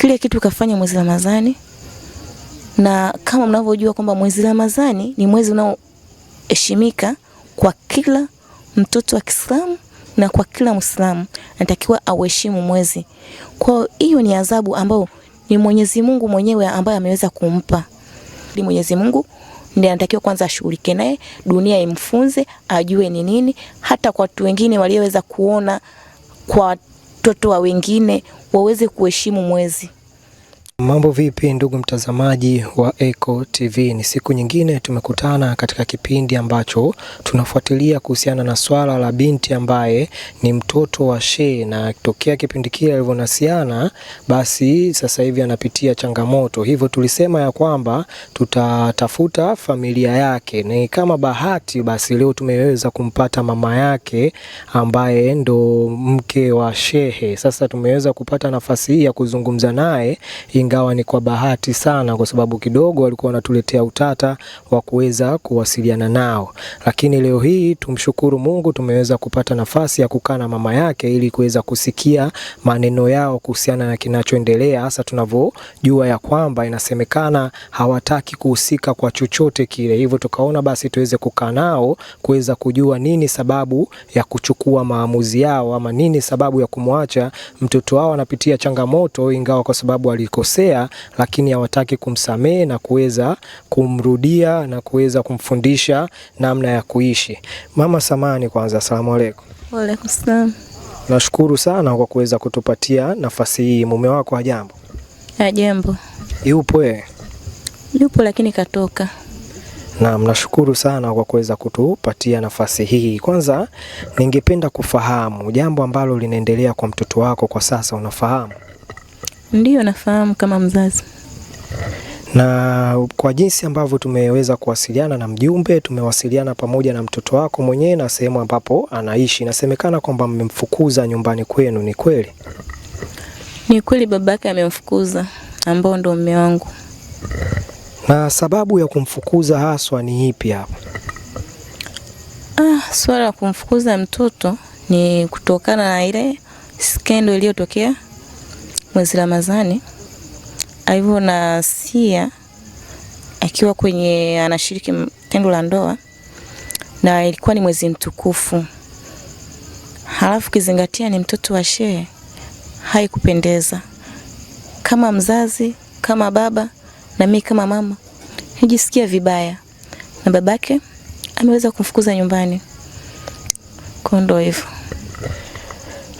kile kitu kafanya mwezi Ramadhani, na kama mnavyojua kwamba mwezi Ramadhani ni mwezi unaoheshimika kwa kila mtoto wa Kiislamu na kwa kila Muislamu anatakiwa auheshimu mwezi. Kwa hiyo ni adhabu ambayo ni Mwenyezi Mungu mwenyewe ambaye ameweza kumpa. Ni Mwenyezi Mungu ndiye anatakiwa kwanza ashughulike naye, dunia imfunze, ajue ni nini. Hata kwa watu wengine walioweza kuona kwa watoto wa wengine waweze kuheshimu mwezi. Mambo vipi ndugu mtazamaji wa Eko TV, ni siku nyingine tumekutana katika kipindi ambacho tunafuatilia kuhusiana na swala la binti ambaye ni mtoto wa shehe, na tokea kipindi kile alivyonasiana, basi sasa hivi anapitia changamoto. Hivyo tulisema ya kwamba tutatafuta familia yake, ni kama bahati basi leo tumeweza kumpata mama yake ambaye ndo mke wa shehe. Sasa tumeweza kupata nafasi hii ya kuzungumza naye ingawa ni kwa bahati sana, kwa sababu kidogo walikuwa wanatuletea utata wa kuweza kuwasiliana nao, lakini leo hii tumshukuru Mungu tumeweza kupata nafasi ya kukaa na mama yake ili kuweza kusikia maneno yao kuhusiana na kinachoendelea, hasa tunavyojua ya kwamba inasemekana hawataki kuhusika kwa chochote kile. Hivyo tukaona basi tuweze kukaa nao kuweza kujua nini sababu ya kuchukua maamuzi yao, ama nini sababu ya kumwacha mtoto wao anapitia changamoto, ingawa kwa sababu alikosea amekosea, lakini hawataki kumsamehe na kuweza kumrudia na kuweza kumfundisha namna ya kuishi. Mama Samani, kwanza asalamu alaykum. Wa alaykum salam. Nashukuru sana kwa kuweza kutupatia nafasi hii. Mume wako hajambo? Hajambo. Yupo eh? Yupo lakini katoka. Naam, nashukuru sana kwa kuweza kutupatia nafasi hii. Kwanza ningependa kufahamu jambo ambalo linaendelea kwa mtoto wako kwa sasa, unafahamu? Ndiyo, nafahamu kama mzazi. Na kwa jinsi ambavyo tumeweza kuwasiliana na mjumbe, tumewasiliana pamoja na mtoto wako mwenyewe na sehemu ambapo anaishi. Inasemekana kwamba mmemfukuza nyumbani kwenu, ni kweli? Ni kweli, babake amemfukuza, ambao ndo mume wangu. Na sababu ya kumfukuza haswa ni ipi hapa? Ah, swala la kumfukuza mtoto ni kutokana na ile skendo iliyotokea mwezi Ramadhani alivyo na Sia akiwa kwenye anashiriki tendo la ndoa na ilikuwa ni mwezi mtukufu, halafu kizingatia ni mtoto wa shehe, haikupendeza. Kama mzazi, kama baba na mimi kama mama, nijisikia vibaya, na babake ameweza kumfukuza nyumbani. Kondo hivyo.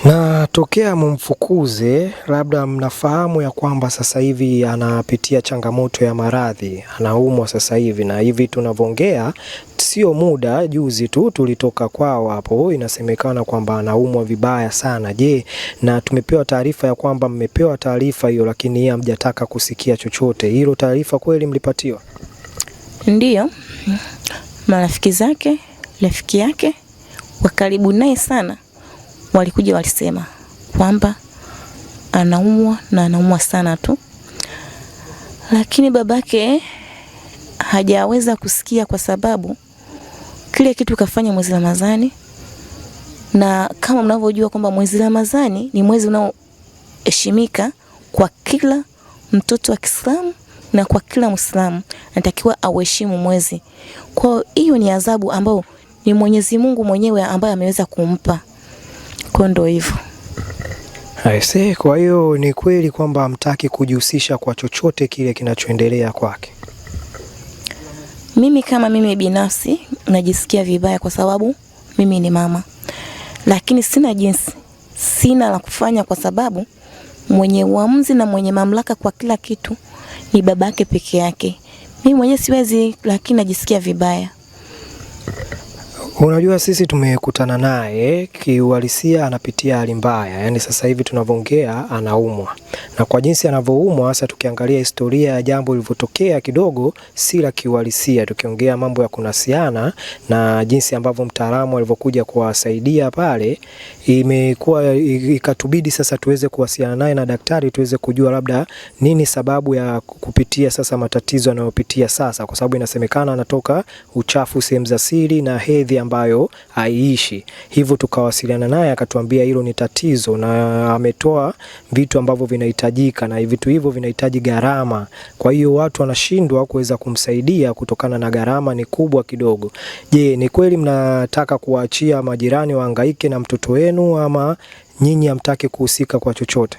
Na tokea mumfukuze, labda mnafahamu ya kwamba sasa hivi anapitia changamoto ya maradhi, anaumwa sasa hivi, na hivi tunavyoongea sio muda, juzi tu tulitoka kwao hapo, inasemekana kwamba anaumwa vibaya sana. Je, na tumepewa taarifa ya kwamba mmepewa taarifa hiyo, lakini yeye hamjataka kusikia chochote hilo. Taarifa kweli mlipatiwa? Ndiyo, marafiki zake, rafiki yake wa karibu naye sana walikuja walisema kwamba anaumwa na anaumwa sana tu, lakini babake hajaweza kusikia kwa sababu kile kitu kafanya mwezi Ramadhani, na kama mnavyojua kwamba mwezi Ramadhani ni mwezi unaoheshimika kwa kila mtoto wa Kiislamu na kwa kila Muislamu anatakiwa auheshimu mwezi. Kwa hiyo ni adhabu ambayo ni Mwenyezi Mungu mwenyewe ambaye ameweza kumpa kwa ndo hivyo. Aise, kwa hiyo ni kweli kwamba hamtaki kujihusisha kwa chochote kile kinachoendelea kwake? Mimi kama mimi binafsi najisikia vibaya kwa sababu mimi ni mama, lakini sina jinsi, sina la kufanya kwa sababu mwenye uamuzi na mwenye mamlaka kwa kila kitu ni babake peke yake. Mimi mwenyewe siwezi, lakini najisikia vibaya. Unajua, sisi tumekutana naye kiuhalisia, anapitia hali mbaya, yaani sasa hivi tunavyoongea anaumwa, na kwa jinsi anavyoumwa hasa, tukiangalia historia ya jambo lilivyotokea kidogo si la kiuhalisia, tukiongea mambo ya kunasiana na jinsi ambavyo mtaalamu alivyokuja kuwasaidia pale, imekuwa ikatubidi sasa tuweze kuwasiliana naye na daktari tuweze kujua labda nini sababu ya kupitia sasa matatizo anayopitia sasa, kwa sababu inasemekana anatoka uchafu sehemu za siri na hedhi ambayo haiishi. Hivyo tukawasiliana naye akatuambia hilo ni tatizo, na ametoa vitu ambavyo vinahitajika, na vitu hivyo vinahitaji gharama. Kwa hiyo watu wanashindwa kuweza kumsaidia kutokana na gharama ni kubwa kidogo. Je, ni kweli mnataka kuwaachia majirani wahangaike na mtoto wenu ama nyinyi hamtaki kuhusika kwa chochote?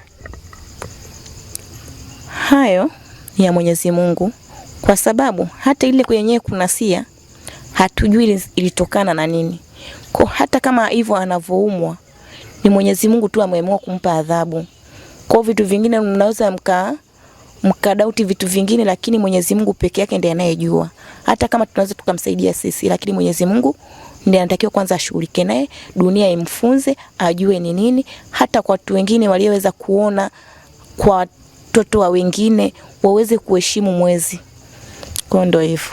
Hayo ni ya Mwenyezi Mungu, kwa sababu hata ile kwenyewe kunasia hatujui ilitokana na nini. Kwa hata kama hivyo anavyoumwa ni Mwenyezi Mungu tu ameamua kumpa adhabu. Kwa vitu vingine mnaweza mka mkadauti vitu vingine, lakini Mwenyezi Mungu peke yake ndiye anayejua. Hata kama tunaweza tukamsaidia sisi, lakini Mwenyezi Mungu ndiye anatakiwa kwanza ashughulike naye, dunia imfunze, ajue ni nini. Hata kwa watu wengine walioweza kuona kwa watoto wa wengine waweze kuheshimu mwezi. Kwa ndio hivyo.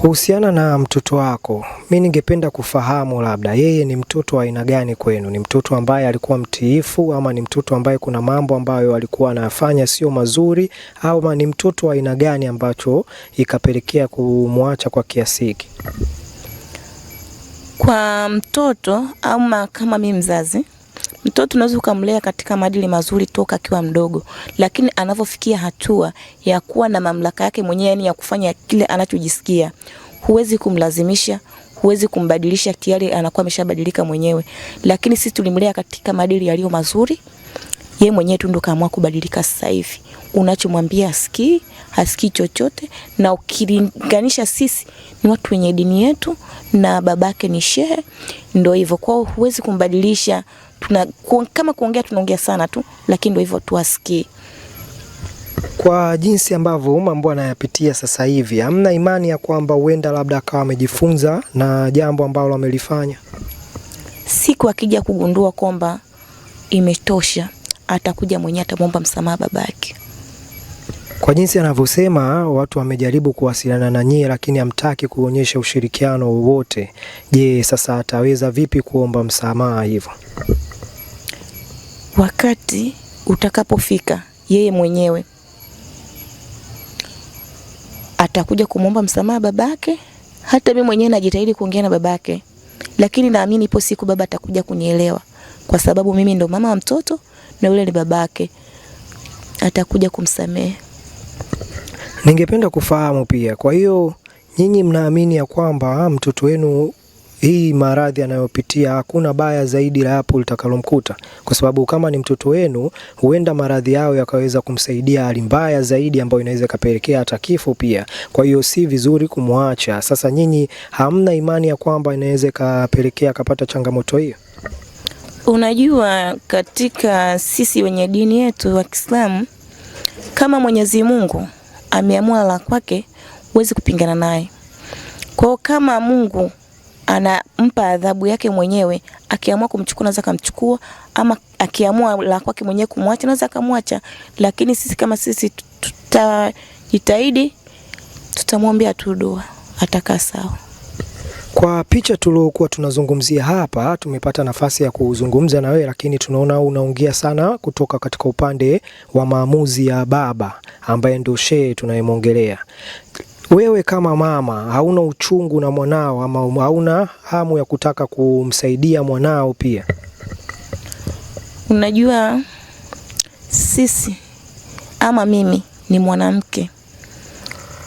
Kuhusiana na mtoto wako, mi ningependa kufahamu labda yeye ni mtoto wa aina gani kwenu? Ni mtoto ambaye alikuwa mtiifu ama ni mtoto ambaye kuna mambo ambayo alikuwa anafanya sio mazuri, ama ni mtoto wa aina gani ambacho ikapelekea kumwacha kwa kiasi hiki? Kwa mtoto ama kama mi mzazi Mtoto unaweza ukamlea katika maadili mazuri toka akiwa mdogo, lakini anavyofikia hatua ya kuwa na mamlaka yake mwenyewe, yani ya kufanya kile anachojisikia, huwezi kumlazimisha, huwezi kumbadilisha, tayari anakuwa ameshabadilika mwenyewe. Lakini sisi tulimlea katika maadili yaliyo mazuri, yeye mwenyewe tu ndo kaamua kubadilika sasa hivi. Unachomwambia asikii, hasikii chochote, na ukilinganisha sisi ni watu wenye dini yetu na babake ni shehe, ndio hivyo kwao, huwezi kumbadilisha tuna, kama kuongea tunaongea sana tu, lakini ndio hivyo tuwasikie. Kwa jinsi ambavyo mambo anayapitia sasa hivi, hamna imani ya kwamba huenda labda akawa amejifunza na jambo ambalo amelifanya, siku akija kugundua kwamba imetosha, atakuja mwenyewe, atamwomba msamaha babake. Kwa jinsi anavyosema watu wamejaribu kuwasiliana na nyie, lakini hamtaki kuonyesha ushirikiano wowote. Je, sasa ataweza vipi kuomba msamaha hivyo? wakati utakapofika, yeye mwenyewe atakuja kumwomba msamaha babake. Hata mimi mwenyewe najitahidi kuongea na babake, lakini naamini ipo siku baba atakuja kunielewa, kwa sababu mimi ndo mama wa mtoto na yule ni babake, atakuja kumsamehe. Ningependa kufahamu pia, kwa hiyo nyinyi mnaamini ya kwamba mtoto wenu hii maradhi anayopitia hakuna baya zaidi la hapo litakalomkuta, kwa sababu kama ni mtoto wenu, huenda maradhi yao yakaweza kumsaidia hali mbaya zaidi, ambayo inaweza ikapelekea hata kifo pia. Kwa hiyo si vizuri kumwacha. Sasa nyinyi hamna imani ya kwamba inaweza ikapelekea akapata changamoto hiyo? Unajua, katika sisi wenye dini yetu wa Kiislamu, kama Mwenyezi Mungu ameamua la kwake, huwezi kupingana naye. Kwa kama Mungu anampa adhabu yake mwenyewe. Akiamua kumchukua naweza akamchukua, ama akiamua la kwake mwenyewe kumwacha naweza akamwacha, lakini sisi kama sisi tutajitahidi, tutamwambia tu dua, atakaa sawa. Kwa picha tuliokuwa tunazungumzia hapa, tumepata nafasi ya kuzungumza na wewe, lakini tunaona unaongea sana kutoka katika upande wa maamuzi ya baba ambaye ndio shehe tunayemwongelea. Wewe kama mama hauna uchungu na mwanao ama hauna hamu ya kutaka kumsaidia mwanao pia? Unajua sisi ama mimi ni mwanamke,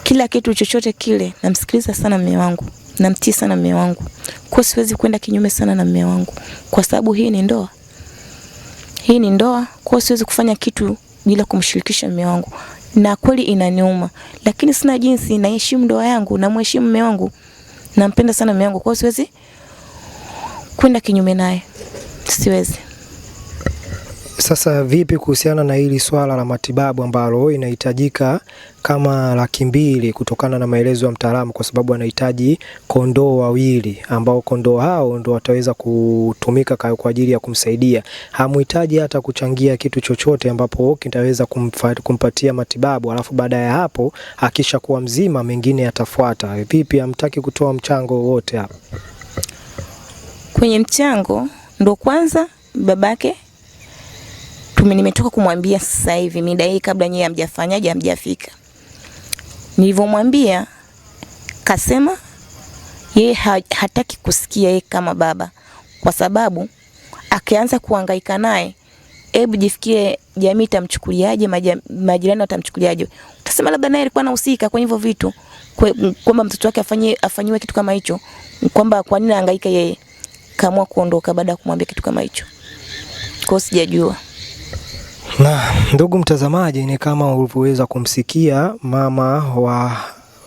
kila kitu chochote kile namsikiliza sana mume wangu, namtii sana mume wangu, kwa siwezi kwenda kinyume sana na mume wangu, kwa sababu hii ni ndoa, hii ni ndoa, kwa siwezi kufanya kitu bila kumshirikisha mume wangu na kweli inaniuma, lakini sina jinsi. Naheshimu ndoa yangu, namheshimu mume wangu, nampenda sana mume wangu, kwa hiyo siwezi kwenda kinyume naye, siwezi. Sasa vipi kuhusiana na hili swala la matibabu ambalo inahitajika kama laki mbili kutokana na maelezo ya mtaalamu, kwa sababu anahitaji kondoo wawili ambao kondoo hao ndo wataweza kutumika kwa ajili ya kumsaidia. Hamhitaji hata kuchangia kitu chochote, ambapo kitaweza kumpatia matibabu, alafu baada ya hapo akisha kuwa mzima mengine yatafuata. Vipi, hamtaki kutoa mchango wote hapa? Kwenye mchango ndo kwanza babake tume nimetoka kumwambia sasa hivi mida hii kabla nyie hamjafanyaje hamjafika. Nilivyomwambia kasema yeye hataki kusikia yeye kama baba, kwa sababu akianza kuhangaika naye, hebu jifikie jamii itamchukuliaje, majirani watamchukuliaje? Utasema labda naye alikuwa anahusika kwenye hivyo vitu, kwamba mtoto wake afanyie afanyiwe kitu kama hicho, kwamba kwa nini ahangaika yeye. Kaamua kuondoka baada ya kumwambia kitu kama hicho, kwa sijajua na ndugu mtazamaji, ni kama ulivyoweza kumsikia mama wa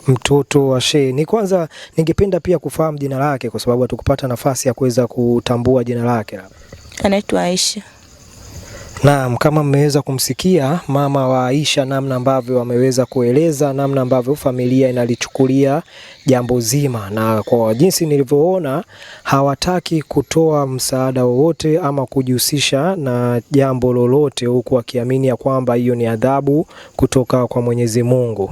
mtoto wa Shehe. Ni kwanza ningependa pia kufahamu jina lake, kwa sababu hatukupata nafasi ya kuweza kutambua jina lake. Anaitwa Aisha. Naam, kama mmeweza kumsikia mama wa Aisha namna ambavyo ameweza kueleza namna ambavyo familia inalichukulia jambo zima, na kwa jinsi nilivyoona hawataki kutoa msaada wowote ama kujihusisha na jambo lolote, huku akiamini ya kwamba hiyo ni adhabu kutoka kwa Mwenyezi Mungu.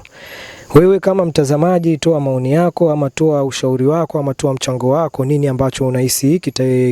Wewe kama mtazamaji, toa maoni yako ama toa ushauri wako ama toa mchango wako, nini ambacho unahisi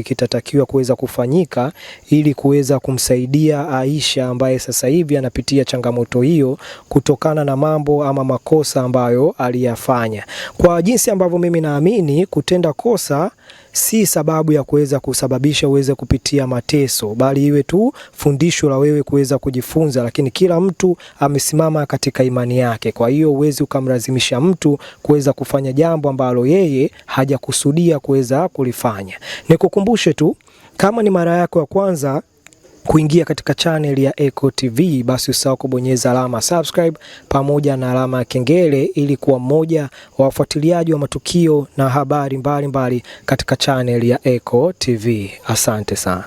kitatakiwa kita kuweza kufanyika ili kuweza kumsaidia Aisha ambaye sasa hivi anapitia changamoto hiyo kutokana na mambo ama makosa ambayo aliyafanya. Kwa jinsi ambavyo mimi naamini kutenda kosa si sababu ya kuweza kusababisha uweze kupitia mateso, bali iwe tu fundisho la wewe kuweza kujifunza. Lakini kila mtu amesimama katika imani yake, kwa hiyo uwezi ukamlazimisha mtu kuweza kufanya jambo ambalo yeye hajakusudia kuweza kulifanya. Nikukumbushe tu kama ni mara yako ya kwanza kuingia katika channel ya Eko TV, basi usahau kubonyeza alama subscribe pamoja na alama ya kengele ili kuwa mmoja wa wafuatiliaji wa matukio na habari mbalimbali mbali katika channel ya Eko TV. Asante sana.